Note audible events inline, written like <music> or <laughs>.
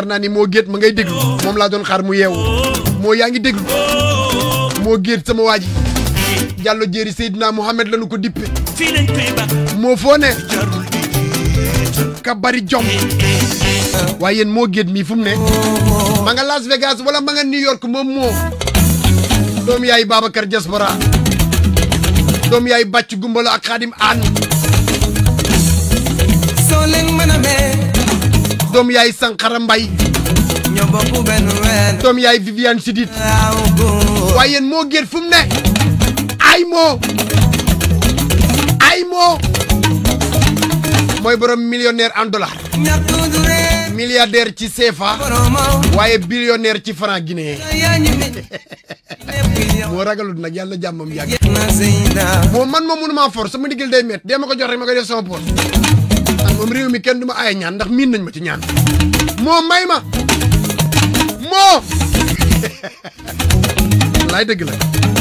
xar naa ni moo géet ma ngay déglu moom laa doon xaar mu yeewu moo yaa ngi déglu moo géet sama waa ji jàllo jéeri Seydina Mohamed lañu ko dippe moo foo ka bari jom waaye moo géet mii fu mu ne ma nga Las Vegas wala ma nga New York moom moo doom yaay Babacar Diaspora doom yaay bàcc gumbalo ak xaadim aan doom yaay Sankara Mbay doom yaay Viviane Chidid waaye moo géer fu mu ne ay moo ay moo mooy borom millionnaire en dollar milliardaire ci CFA waaye billionnaire ci franc guinéen moo ragalut nag yàlla jàmmam yàgg moo man moom mënu maa force sama ndigal day met dee ma ko jox rek ma def sama poche man moom réew mi kenn du ma aye ñaan ndax miin nañ ma ci ñaan moo may ma moo <laughs> laay dëgg la